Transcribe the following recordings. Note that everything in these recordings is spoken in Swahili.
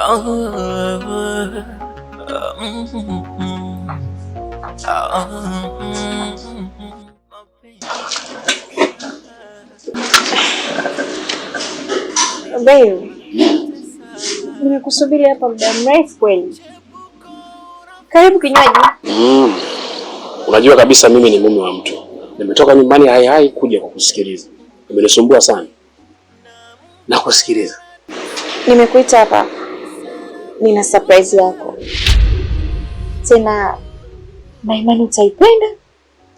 Babe, nimekusubiri hapa muda mrefu kweli. Karibu kinywaji. Mm. Unajua kabisa mimi ni mume wa mtu, nimetoka nyumbani hai hai kuja kwa kusikiliza. Umenisumbua sana na kusikiliza. Nimekuita hapa nina surprise yako tena, na imani utaipenda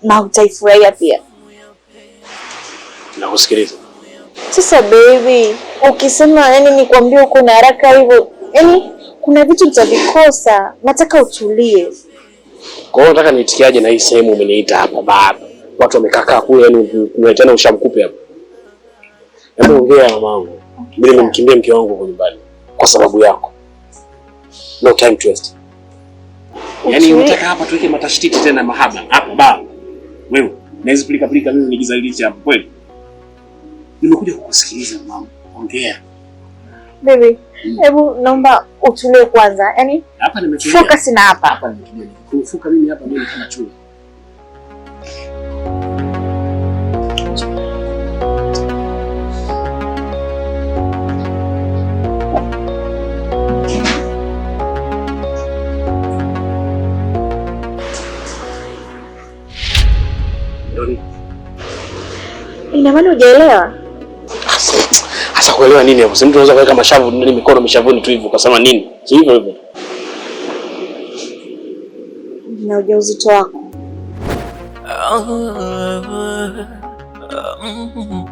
na utaifurahia pia. Nakusikiliza. Sasa baby, ukisema yani nikwambie uko na haraka hivyo, yani kuna vitu utavikosa. Nataka utulie. Kwa hiyo nataka nitikiaje na hii sehemu umeniita hapa baba? Watu wamekaa kule, yani unaleteana ushamkupe hapa. Hebu ongea mamangu. Mimi nimkimbie mke wangu huko nyumbani kwa sababu yako. No time to waste. Yaani unataka hapa tuweke matashtiti tena mahaba hapa ba. Wewe naweza kulika kulika mimi ni nijizalilisha hapo kweli. Nimekuja kukusikiliza mama. Ongea. Baby, hmm. hebu hmm, naomba utulie kwanza. Yaani hapa nimetulia. Focus na hapa. Hapa nimetulia. Kufuka mimi hapa mimi kama chuo. ina maana hujaelewa? Sasa kuelewa nini hapo? Si mtu anaweza kuweka mashavu nini mikono mishavuni tu hivyo ukasema nini? Si hivyo hivyo. Na ujauzito wako. Ah, ah, ah, mm, mm, mm.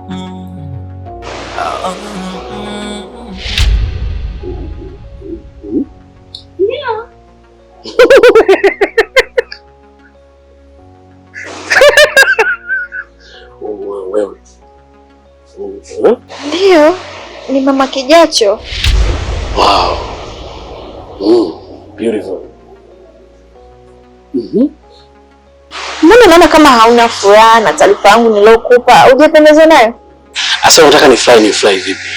hiyo ni mama Kijacho. Wow. Mm, beautiful. Mhm. Mm, mbona naona kama hauna furaha na taarifa yangu nilokupa, hujapendezwa nayo? Sasa unataka ni fly ni fly vipi?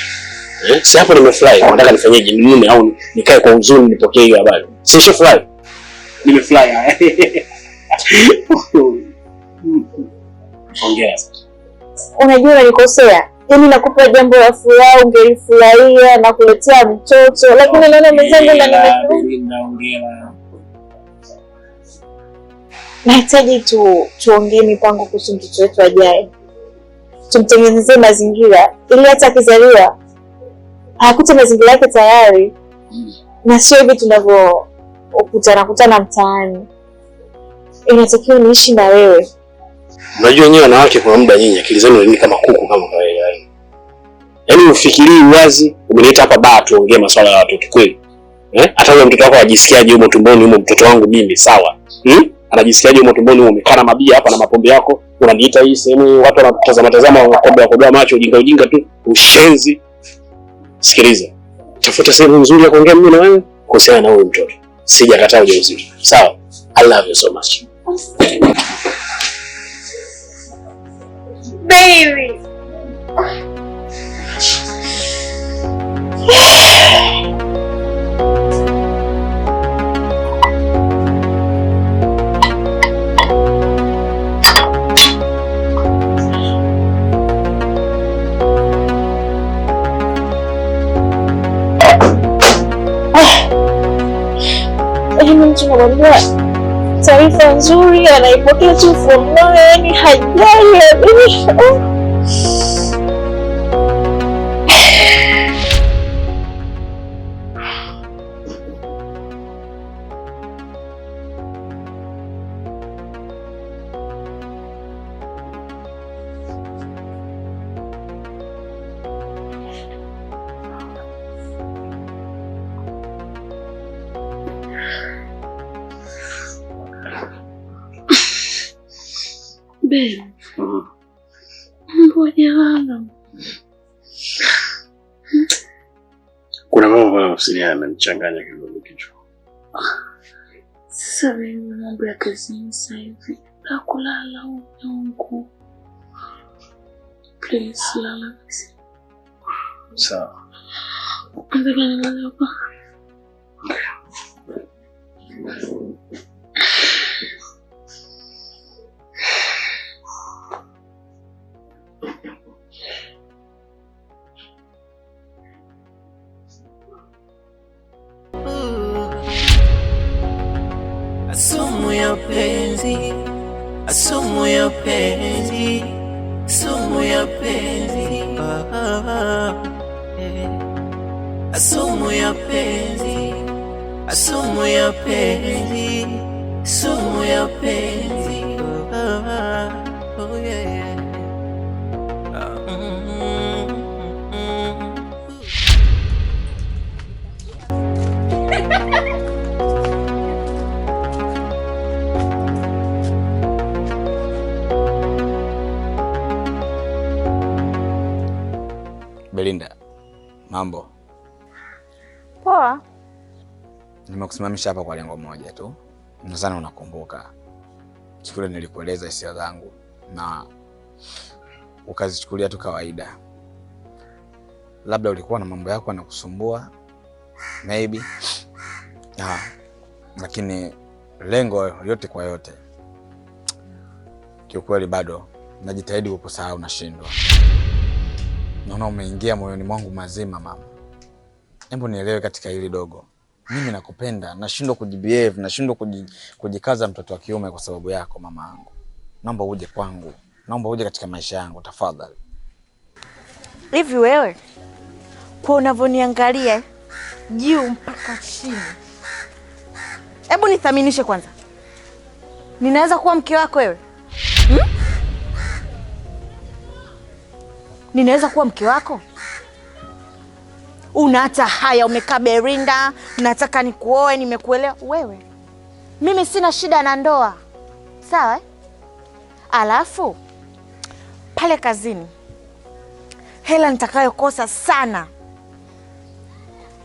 Eh? Si hapo nimefly, unataka nifanyeje? Ni mume au nikae kwa huzuni nipokee hiyo habari? Si sio fly. Nimefly haya. Eh. Ongea. Unajua nilikosea yani nakupa jambo la furaha, ungelifurahia na kuletea mtoto, lakini naona mwenzangu na nahitaji tu tuongee mipango kuhusu mtoto wetu ajaye, tumtengenezee mazingira ili hata akizaliwa akute mazingira yake tayari, na sio hivi tunavyokutana kutana mtaani. Inatakiwa niishi na wewe. Unajua, wenyewe wanawake, kuna muda nyinyi akili zenu ni kama kuku Yaani ufikirii wazi, umeniita hapa baa tuongee masuala ya watoto kweli. Eh? Hata wewe mtoto wako ajisikiaje huko tumboni huko mtoto wangu mimi sawa? Hmm? Anajisikiaje huko tumboni huko umekaa na mabia hapa na mapombe yako? Unaniita hii sehemu watu wanatazama tazama mapombe wako doa macho ujinga ujinga tu, ushenzi. Sikiliza. Tafuta sehemu nzuri ya kuongea mimi na wewe kuhusiana na huyo mtoto. Sijakataa ujauzito. Sawa? I love you so much. Baby. fedha nzuri, anaipokea tu kwa yani hajali yaani, Mbe, ngoja wangu, kuna mambo mawasiliana yananichanganya kidogo kichwa. Sasa mimi mambo ya kazini sasa hivi na kulala uongo. Please lala. Sawa. Ndio nilala hapa. sumu ya penzi, sumu ya penzi, eh. sumu ya penzi, sumu ya penzi, sumu ya penzi Mambo poa. Nimekusimamisha hapa kwa lengo moja tu, nadhani unakumbuka siku ile nilikueleza hisia zangu na ukazichukulia tu kawaida. Labda ulikuwa na mambo yako yanakusumbua maybe ha, lakini lengo yote kwa yote, kiukweli bado najitahidi kukusahau, nashindwa. Naona umeingia moyoni mwangu mazima mama. Hebu nielewe katika hili dogo. Mimi nakupenda, nashindwa kujibehave, nashindwa kujikaza mtoto wa kiume kwa sababu yako mama yangu. Naomba uje kwangu. Naomba uje katika maisha yangu tafadhali. Hivi wewe kwa unavyoniangalia juu mpaka chini, hebu nithaminishe kwanza, ninaweza kuwa mke wako wewe hmm? ninaweza kuwa mke wako? Unaata haya, umekaa Berinda, nataka nikuoe, nimekuelewa wewe. Mimi sina shida na ndoa, sawa. Eh? Alafu pale kazini, hela nitakayokosa sana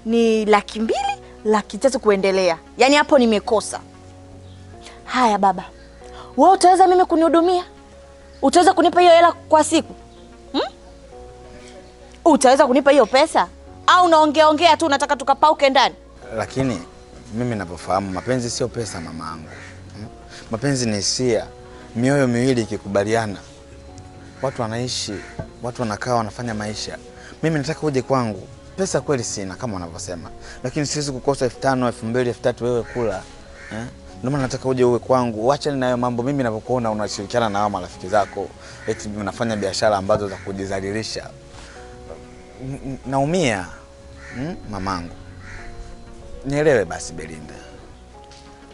ni laki mbili, laki tatu kuendelea, yaani hapo nimekosa. Haya baba, wa utaweza mimi kunihudumia? Utaweza kunipa hiyo hela kwa siku? utaweza kunipa hiyo pesa au unaongea ongea tu unataka tukapauke ndani? Lakini mimi navyofahamu mapenzi sio pesa mamaangu, mapenzi ni hisia. Mioyo miwili ikikubaliana, watu wanaishi, watu wanakaa, wanafanya maisha. Mimi nataka uje kwangu. Pesa kweli sina kama wanavyosema, lakini siwezi kukosa elfu tano elfu mbili elfu tatu wewe kula eh? Ndio maana nataka uje uwe kwangu, wacha nayo mambo. Mimi ninapokuona unashirikiana na hao marafiki zako, eti mnafanya biashara ambazo za kujizalilisha naumia hmm? mamangu, nielewe basi Belinda.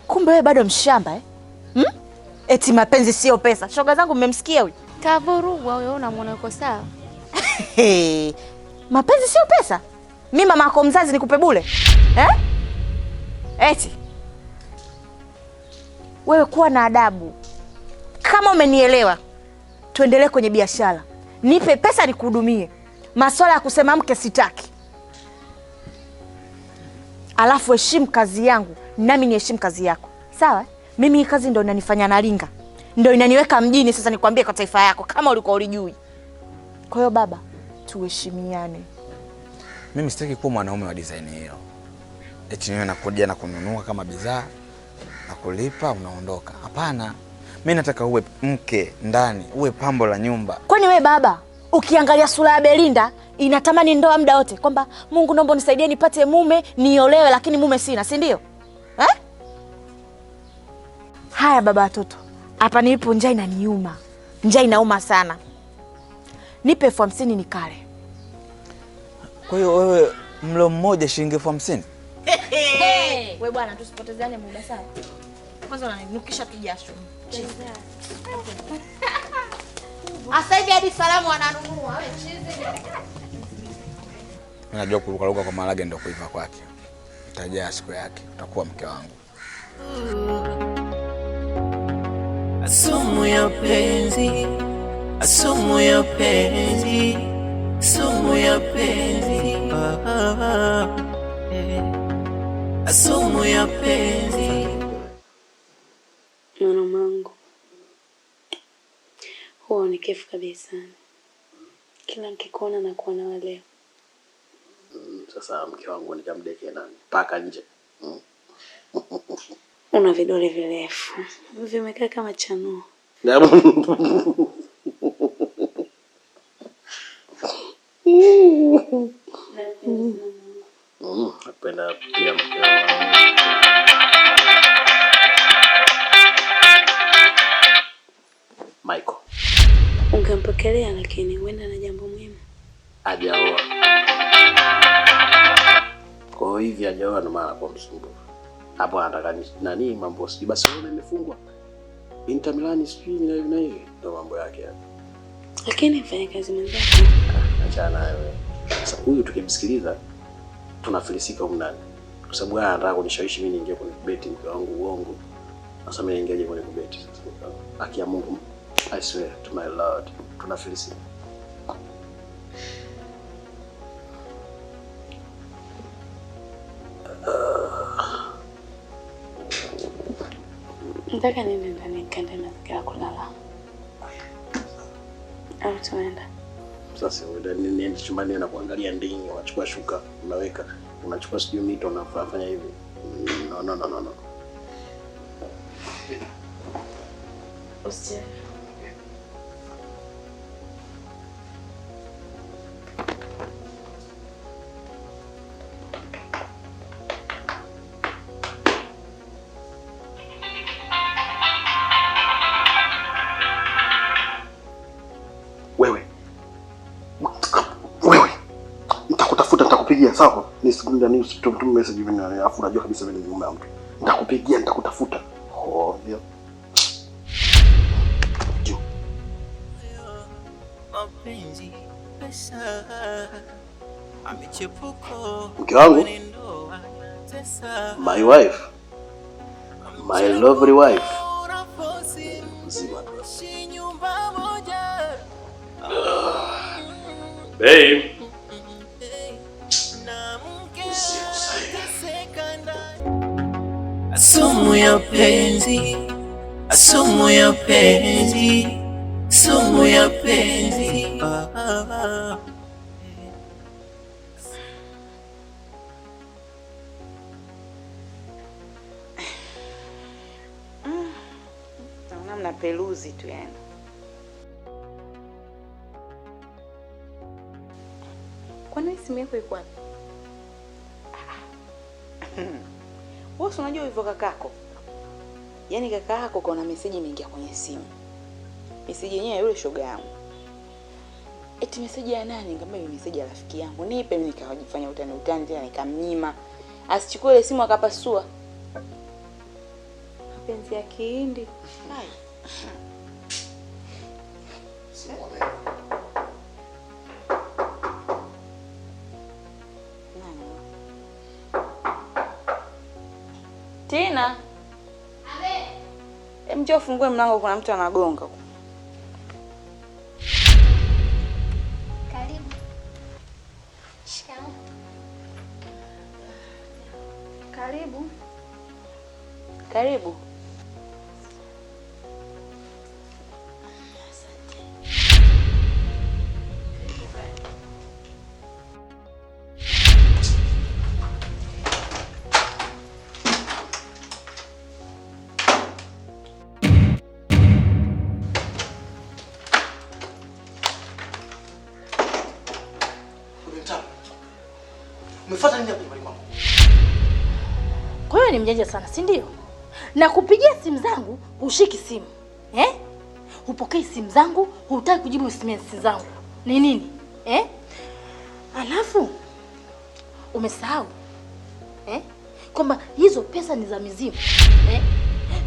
Kumbe wewe bado mshamba eh? hmm? Eti mapenzi sio pesa. Shoga zangu mmemsikia huyu? Kavurugwa huyo, unamwona yuko sawa. Mapenzi sio pesa? Mimi mama yako mzazi nikupe bule Eh? Eti. Wewe kuwa na adabu. Kama umenielewa, tuendelee kwenye biashara. Nipe pesa nikuhudumie. Maswala ya kusema mke sitaki, alafu heshimu kazi yangu nami niheshimu kazi yako, sawa? Mimi hii kazi ndo inanifanya nalinga, ndo inaniweka mjini. Sasa nikwambie kwa taifa yako kama ulikuwa ulijui. Kwa hiyo baba, tuheshimiane. Mimi sitaki kuwa mwanaume wa design hiyo, eti niwe nakuja na kununua kama bidhaa na kulipa unaondoka. Hapana, mimi nataka uwe mke ndani, uwe pambo la nyumba. Kwani we baba Ukiangalia sura ya Belinda inatamani ndoa muda wote, kwamba Mungu, naomba nisaidie nipate mume niolewe, lakini mume sina, si ndio eh? Haya baba watoto, hapa nilipo njaa inaniuma, njaa inauma sana. Nipe elfu hamsini nikale. Kwa hiyo wewe mlo mmoja shilingi elfu hamsini? We bwana, tusipotezeane muda sana. Kwanza unanukisha tu jasho. Sasa hivi hadi salamu wananunua. Wewe chizi. najua kurukaruka kwa marage ndio kuiva kwake. Utajaa siku yake, utakuwa mke wangu. Sumu ya penzi, sumu ya penzi, sumu ya penzi, ah, ah, ah. sumu ya penzi. mnyenyekevu kabisa, kila nikikuona na kuona wale. Mm, sasa mke wangu nikamdeke na mpaka nje mm. Una vidole virefu vimekaa kama chanuo mm, napenda pia Endelea lakini huenda na jambo muhimu. Hajaoa. Kwa hivi hajaoa ndio maana kwa msumbu. Hapo anataka nani mambo sijui basi wewe imefungwa. Inter Milan sijui na hivi na hivi ndio mambo yake hapo. Lakini fanya kazi mwenzako. Ah, achana naye wewe. Sasa huyu tukimsikiliza tunafilisika huko ndani. Kwa sababu haya anataka kunishawishi mimi niingie kwenye kubeti mke wangu uongo. nasema mimi niingiaje kwenye kubeti sasa? Haki Mungu. I swear to my Lord, tuna Nataka niende ndani nikaende na kulala. Au tunaenda? Sasa wewe niende chumbani na kuangalia ndinyi, unachukua shuka, unaweka, unachukua sijui mito unafanya hivi. No no no no no. Usijali. ni siku ndani usitumtume message na unajua kabisa mimi ni mtu. Nitakupigia, nitakutafuta. Oh, ndio. Mapenzi pesa amechepuko. Mke wangu. My wife. My lovely wife. Mzima. Babe. Sumu ya penzi, sumu ya penzi, sumu ya penzi. Naona mna peluzi tu yani. Kwani simu yako iko wapi? Wewe unajua hivyo kakako. Yaani kaka yako kuna meseji imeingia kwenye simu. Meseji yenyewe yule shoga yangu. Eti meseji ya nani? Nikamwambia ni meseji ya rafiki yangu. Nipe mimi nikawajifanya utani utani tena nikamnyima. Asichukue ile simu akapasua. Mapenzi ya kihindi. Hai. Tina, njoo fungue mlango, kuna mtu anagonga. Karibu. Shikamoo. Karibu. Karibu. Umefuata nini hapo nyumbani kwangu? Kwa hiyo ni mjanja sana, si ndio? Na kupigia simu zangu ushiki simu eh? Hupokei simu zangu, hutaki kujibu SMS zangu, ni nini eh? Alafu umesahau eh? kwamba hizo pesa ni za mizimu eh?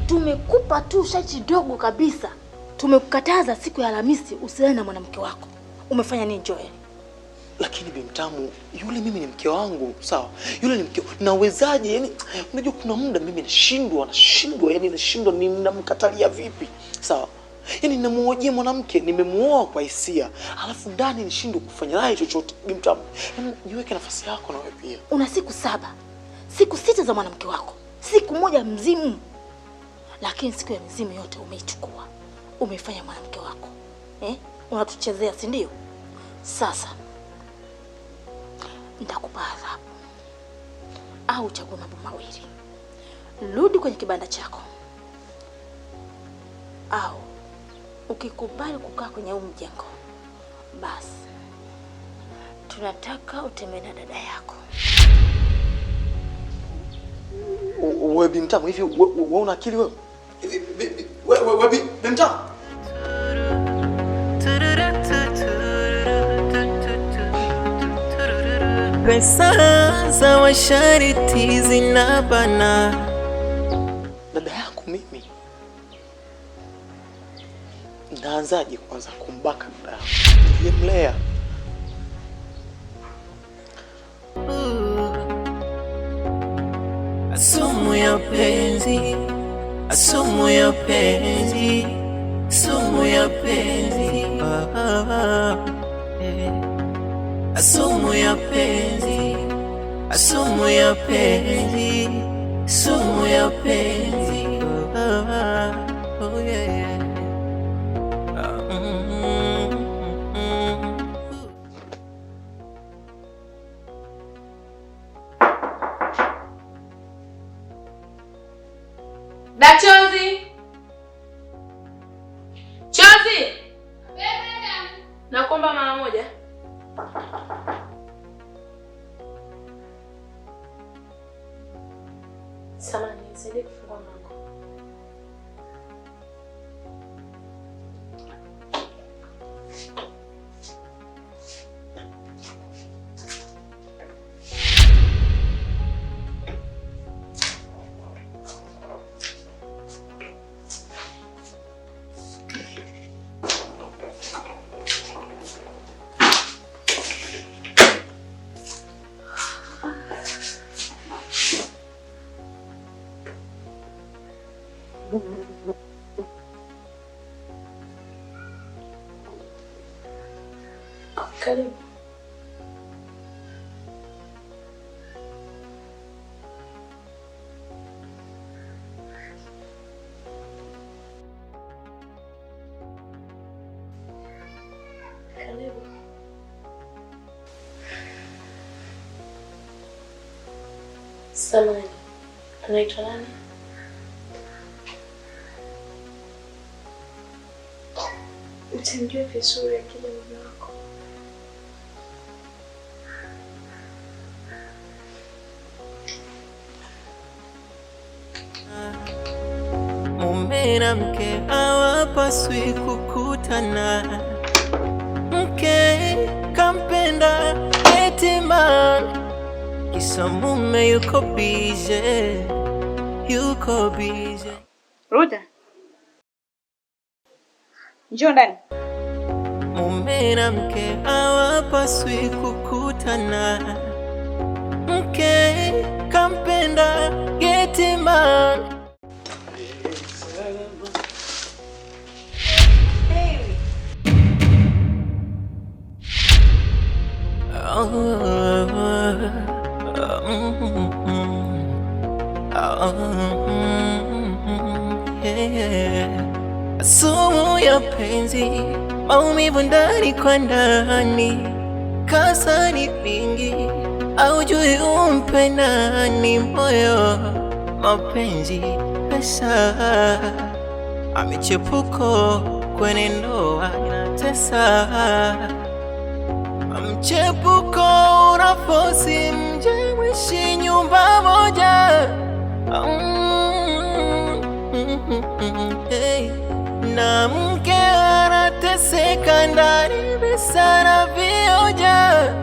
Tumekupa tu shachi dogo kabisa, tumekukataza siku ya Alhamisi usiane na mwanamke wako. Umefanya nini Joel? lakini bimtamu yule, mimi ni mke wangu, sawa? Yule ni mke, nawezaje? Yani unajua kuna muda mimi nashindwa, nashindwa, yani nashindwa, ninamkatalia vipi, sawa? Yani namuojea mwanamke, nimemuoa kwa hisia, alafu ndani nishindwe kufanya naye chochote. Bimtamu, jiweke nafasi yako na wewe pia. Una siku saba, siku sita za mwanamke wako, siku moja mzimu, lakini siku ya mzimu yote umeichukua, umefanya mwanamke wako eh? Unatuchezea, si ndio? Sasa nitakupa adhabu au chagua mambo mawili: rudi kwenye kibanda chako, au ukikubali kukaa kwenye huu mjengo, basi tunataka utembee na dada yako. Wewe Bimtamu, hivi wewe una akili wewe? Wewe Bimtamu pesa za washariti zinabana. Dada yangu mimi naanzaje kwanza kumbaka dada yangu mlea? Sumu ya penzi, sumu ya penzi, sumu ya penzi. Ah, ah, ah. Sumu ya penzi, sumu ya penzi, sumu ya penzi. Oh, Dachozi. Oh, Samani, anaitwa nani? Utamjua vizuri akija mume wako. Mume na mke hawapaswi kukutana. Mke kampenda eti Kisa mume yuko bize, yuko bize. Ruta, njoo ndani. Mume na mke hawapaswi kukutana. Mke kampenda Getiman. Hey. Oh. Mm-hmm. Sumu ya penzi, maumivu ndani kwa ndani, kasa ni mingi, aujui umpe nani. Moyo mapenzi pesa, amichepuko kwenye ndoa inatesa, amchepuko unafosi mjeni kuishi nyumba moja mm, mm, mm, na mke anateseka ndani, visa na vioja